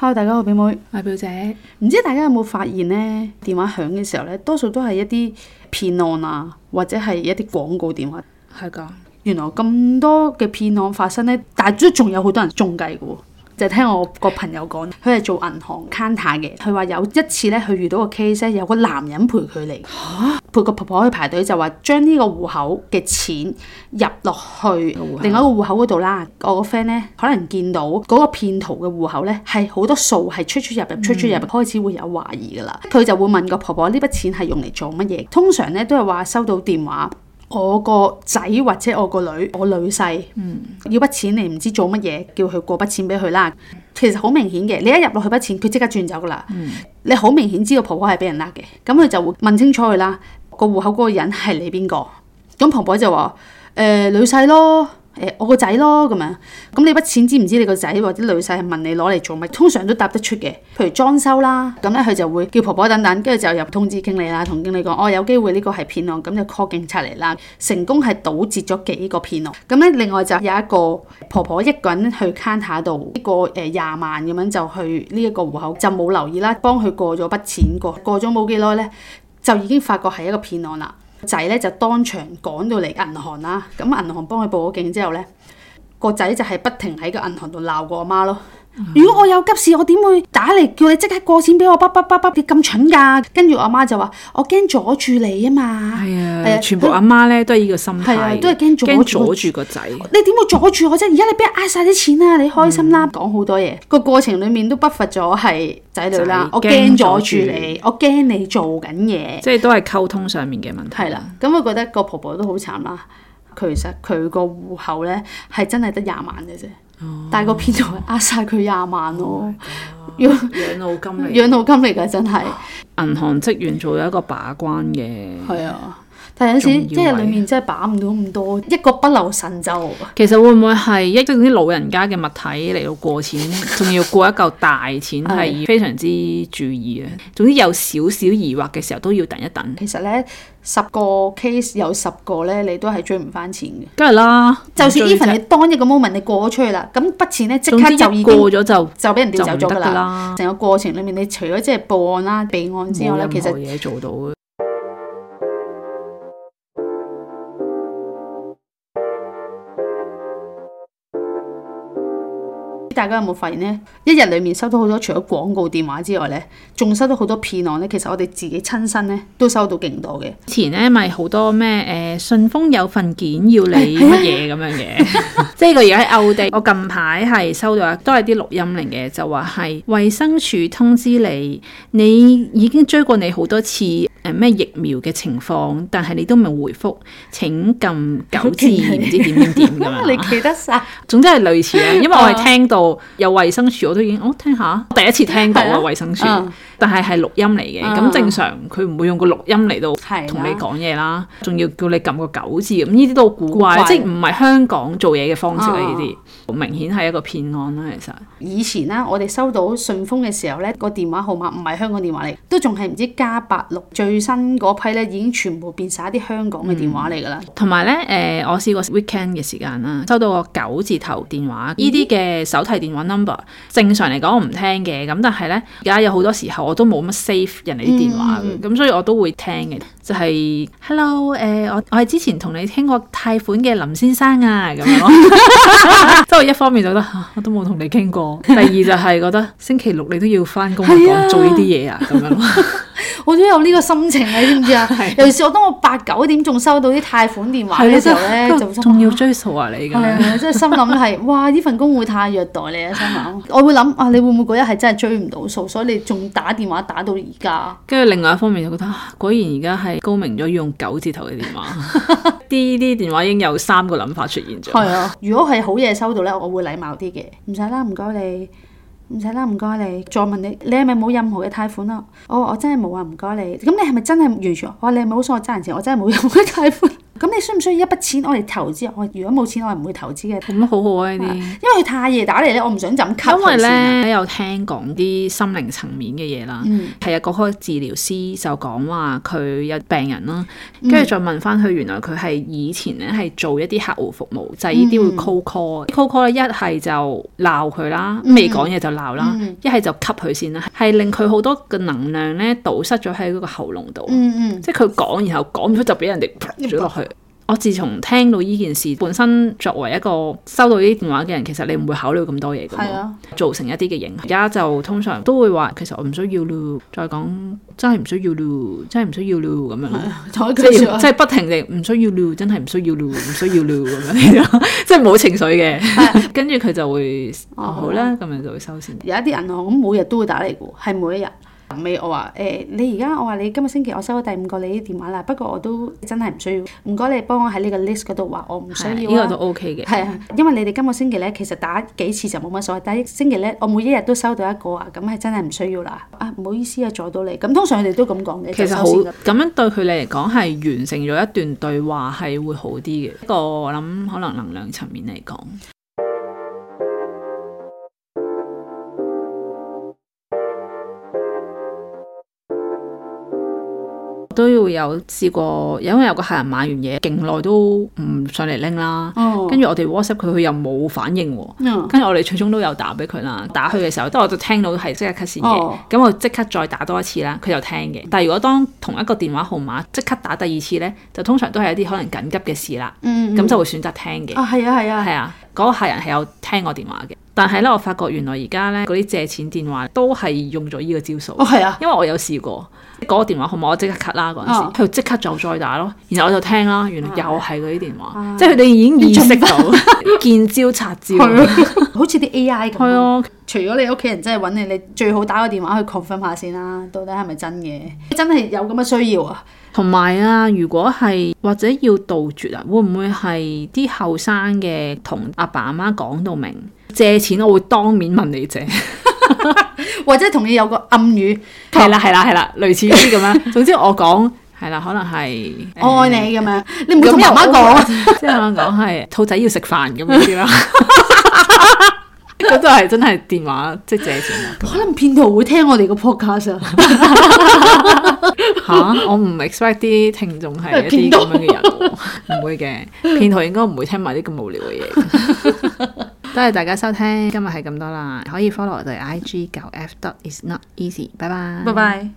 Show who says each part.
Speaker 1: Hello 大家好，表妹，我表姐。唔知大家有冇發現呢，電話響嘅時候呢，多數都係一啲騙案啊，或者係一啲廣告電話。係㗎的，原來咁多嘅騙案發生呢，但係都仲有好多人中計嘅喎。就聽我個朋友講，佢係做銀行 counter 嘅。佢話有一次咧，佢遇到個 case，有個男人陪佢嚟嚇，陪個婆婆去排隊，就話將呢個戶口嘅錢入落去戶口另一個戶口嗰度啦。我個 friend 咧可能見到嗰個騙徒嘅戶口咧係好多數係出出入入，出出入入，出出入入嗯、開始會有懷疑㗎啦。佢就會問個婆婆呢筆錢係用嚟做乜嘢？通常咧都係話收到電話。我個仔或者我個女，我女婿、嗯、要筆錢你唔知做乜嘢，叫佢過筆錢俾佢啦。其實好明顯嘅，你一入落去筆錢，佢即刻轉走噶啦。嗯、你好明顯知道婆婆係俾人呃嘅，咁佢就會問清楚佢啦。個戶口嗰個人係你邊個？咁婆婆就話：誒、呃、女婿咯。誒、欸、我個仔咯咁樣，咁你筆錢知唔知你個仔或者女婿係問你攞嚟做乜？通常都答得出嘅，譬如裝修啦，咁咧佢就會叫婆婆等等，跟住就入通知經理啦，同經理講，我有機會呢個係騙案，咁就 call 警察嚟啦。成功係堵截咗幾個騙案，咁咧另外就有一個婆婆一個人去 counter 度呢個誒呃、廿萬咁樣就去呢一個戶口，就冇留意啦，幫佢過咗筆錢過過咗冇幾耐咧，就已經發覺係一個騙案啦。個仔咧就當場趕到嚟銀行啦，咁銀行幫佢報咗警之後咧，個仔就係不停喺個銀行度鬧過阿媽咯。如果我有急事，我點會打嚟，叫你即刻過錢俾我？不不不不，你咁蠢噶？跟住我媽就話：我驚阻住你啊嘛！係啊，係啊。」全部阿媽咧都係依個心態，都係驚阻住個仔。你點會阻住我啫？而家你俾人呃晒啲錢啦，你開心啦，講好多嘢。個過程裏面都不乏咗係仔女啦，我驚阻住你，我驚你做緊嘢。即係都係溝通上面嘅問題。係啦，咁我覺得個婆婆都好慘啦。其實佢個戶口咧係真係得廿萬嘅啫。但係個騙徒就呃晒佢廿萬咯，養 老金嚟，養 老金嚟噶真係。
Speaker 2: 銀行職員做有一個把關嘅，係
Speaker 1: 啊，但有陣時即係裏面真係把唔到咁多，一個不留神就。
Speaker 2: 其實會唔會係一啲老人家嘅物體嚟到過錢，仲 要過一嚿大錢，係 非常之注意啊。總之有少少疑惑嘅時候都要等一等。其
Speaker 1: 實咧。十個 case 有十個咧，你都係追唔翻錢嘅。梗係啦，就算 Even 你當一個 moment 你過咗出去啦，咁筆錢咧即刻就已經過咗，就就俾人哋走咗㗎啦。成個過程裏面，你除咗即係報案啦、啊、備案之外咧，其實，冇嘢做到大家有冇發現呢？一日裡面收到好多，除咗廣告電話之外呢，仲收到好多騙案呢，其實我哋自己親身呢都收到勁多嘅。
Speaker 2: 以前呢咪好多咩？誒順豐有份件要你乜嘢咁樣嘅， 即係佢而家喺嘔地。我近排係收到都係啲錄音嚟嘅，就話係衞生署通知你，你已經追過你好多次誒咩、呃、疫苗嘅情況，但係你都未回覆，請撳九字唔知點點點㗎嘛。你記得晒，總之係類似啦，因為我係聽到。 有衛生署我都已經我、哦、聽下，第一次聽過啊衛生署，啊、但係係錄音嚟嘅。咁、啊、正常佢唔會用個錄音嚟到同你講嘢啦，仲、啊、要叫你撳個九字咁，呢啲都古怪，啊、即唔係香港做嘢嘅方式呢啲、啊、明顯係一個騙案啦，其實
Speaker 1: 以前呢、啊，我哋收到信封嘅時候呢、呢個電話號碼唔係香港電話嚟，都仲係唔知加八六最新嗰批呢已經全部變晒一啲香港嘅電話嚟噶啦。
Speaker 2: 同埋、嗯、呢、誒、呃，我試過 weekend 嘅時間啦，收到個九字頭電話，呢啲嘅手提、嗯。手提電話 number 正常嚟講，我唔聽嘅。咁但係咧而家有好多時候我都冇乜 save 人哋啲電話咁、嗯、所以我都會聽嘅，就係、是嗯、hello，誒、呃、我我係之前同你傾過貸款嘅林先生啊，咁樣咯，即係 一方面就覺得、啊、我都冇同你傾過，第二就係覺得星期六你都要翻工去講 做呢啲嘢啊，咁樣咯。
Speaker 1: 我都有呢個心情，你知唔知啊？的尤其是我當我八九點仲收到啲貸款電話嘅時候咧，
Speaker 2: 仲的要追數啊你㗎，即係 心
Speaker 1: 諗係哇呢份工會太虐待你啊！心諗 我會諗啊，你會唔會嗰日係真係追唔到數，所以你仲打電話打到而家？
Speaker 2: 跟住另外一方面就覺得，果然而家係高明咗，用九字頭嘅電話，啲啲 電話已經有三個諗法出現咗。係啊 ，
Speaker 1: 如果係好嘢收到咧，我會禮貌啲嘅，唔使啦，唔該你。唔使啦，唔該你。再問你，你係咪冇任何嘅貸款啊、哦？我我真係冇啊，唔該你。咁你係咪真係完全？我話你冇使我爭人錢，我真係冇任何貸款。咁你需唔需要一筆錢？我哋投資，我如果冇錢，我係唔會投資嘅。咁好好啊！呢，因為太夜打嚟咧，我唔想就咁吸佢先。因為咧，有聽講
Speaker 2: 啲心靈層面嘅嘢啦，係啊、嗯，嗰個治療師就講話佢有病人啦，跟住、嗯、再問翻佢，原來佢係以前咧係做一啲客戶服務，就係呢啲會 call call、嗯、call call 咧，一係就鬧佢啦，未講嘢就鬧啦，一係就吸佢先啦，係令佢好多嘅能量咧堵塞咗喺嗰個喉嚨度，嗯、即係佢講，然後講咗就俾人哋入咗落去。我自從聽到呢件事，本身作為一個收到呢啲電話嘅人，其實你唔會考慮咁多嘢㗎，係啊，造成一啲嘅影響。而家就通常都會話，其實我唔需要了，再講真係唔需要了，真係唔需要了咁樣，即係、啊即係即係、不停地唔需要了，真係唔需要了，唔 需要了咁樣，即係冇情緒嘅。啊、 跟住佢就會哦好啦吧，咁樣就會收線。
Speaker 1: 有一啲銀行咁每日都會打嚟嘅，係每一日。尾我話誒、欸，你而家我話你今個星期，我收到第五個你啲電話啦。不過我都真係唔需要，唔該你幫我喺呢個 list 嗰度話我唔需要呢、啊呢個就 OK 嘅。係啊，因為你哋今個星期咧，其實打幾次就冇乜所謂。但係星期咧，我每一日都收到一個啊，咁係真係唔需要啦。啊，唔好意思啊，阻到你。咁通常你哋都咁講嘅。其實好咁樣對佢
Speaker 2: 哋嚟講係完成咗一段對話係會好啲嘅。不、呢個我諗可能能量層面嚟講。有試過，因為有個客人買完嘢勁耐都唔上嚟拎啦，跟住、oh. 我哋 WhatsApp 佢，佢又冇反應喎。跟住、oh. 我哋始終都有打俾佢啦，打佢嘅時候，即我就聽到係即刻 cut 線嘅，咁、oh. 我即刻再打多一次啦，佢就聽嘅。但係如果當同一個電話號碼即刻打第二次呢，就通常都係一啲可能緊急嘅事啦，咁、mm hmm. 就會選擇聽嘅。Oh, 啊，啊，係啊，係啊，嗰、那個客人係有聽我電話嘅。但係咧，我發覺原來而家咧嗰啲借錢電話都係用咗依個招數。哦，係啊，因為我有試過，嗰、嗰個電話號碼、嗰個、我即刻 cut 啦嗰陣時，佢即刻就再打咯，然後我就聽啦，原來又係嗰啲電話，哎、即係佢
Speaker 1: 哋已經意識
Speaker 2: 到見招拆、拆
Speaker 1: 招，好似啲 AI 咁、啊。係咯、啊，除咗你屋企人真係揾你，你最好打個電話去 confirm 下先啦、啊，到底係咪真嘅？真係有咁嘅需要啊。同
Speaker 2: 埋啊，如果係或者要杜絕啊，會唔會係啲後生嘅同阿爸阿媽講到明？借錢我會當面問你借，
Speaker 1: 或者同你有個暗語，係啦，係啦，係啦，類似呢啲咁樣。
Speaker 2: 總之我講係啦，可能係我愛你
Speaker 1: 咁樣，你唔會由乜講，
Speaker 2: 即係可能講係兔仔要食飯咁嗰啲咯。嗰度係真係電話即係、就是、借
Speaker 1: 錢， 可能騙徒會聽我哋個 podcast 啊？
Speaker 2: 吓、 啊，我唔 expect 啲聽眾係一啲咁樣嘅人，唔 會嘅，騙徒應該唔會聽埋啲咁無聊嘅嘢。 多謝大家收聽，今日係咁多啦，可以 follow 我哋 IG 九 F dot is not easy，拜拜。拜拜。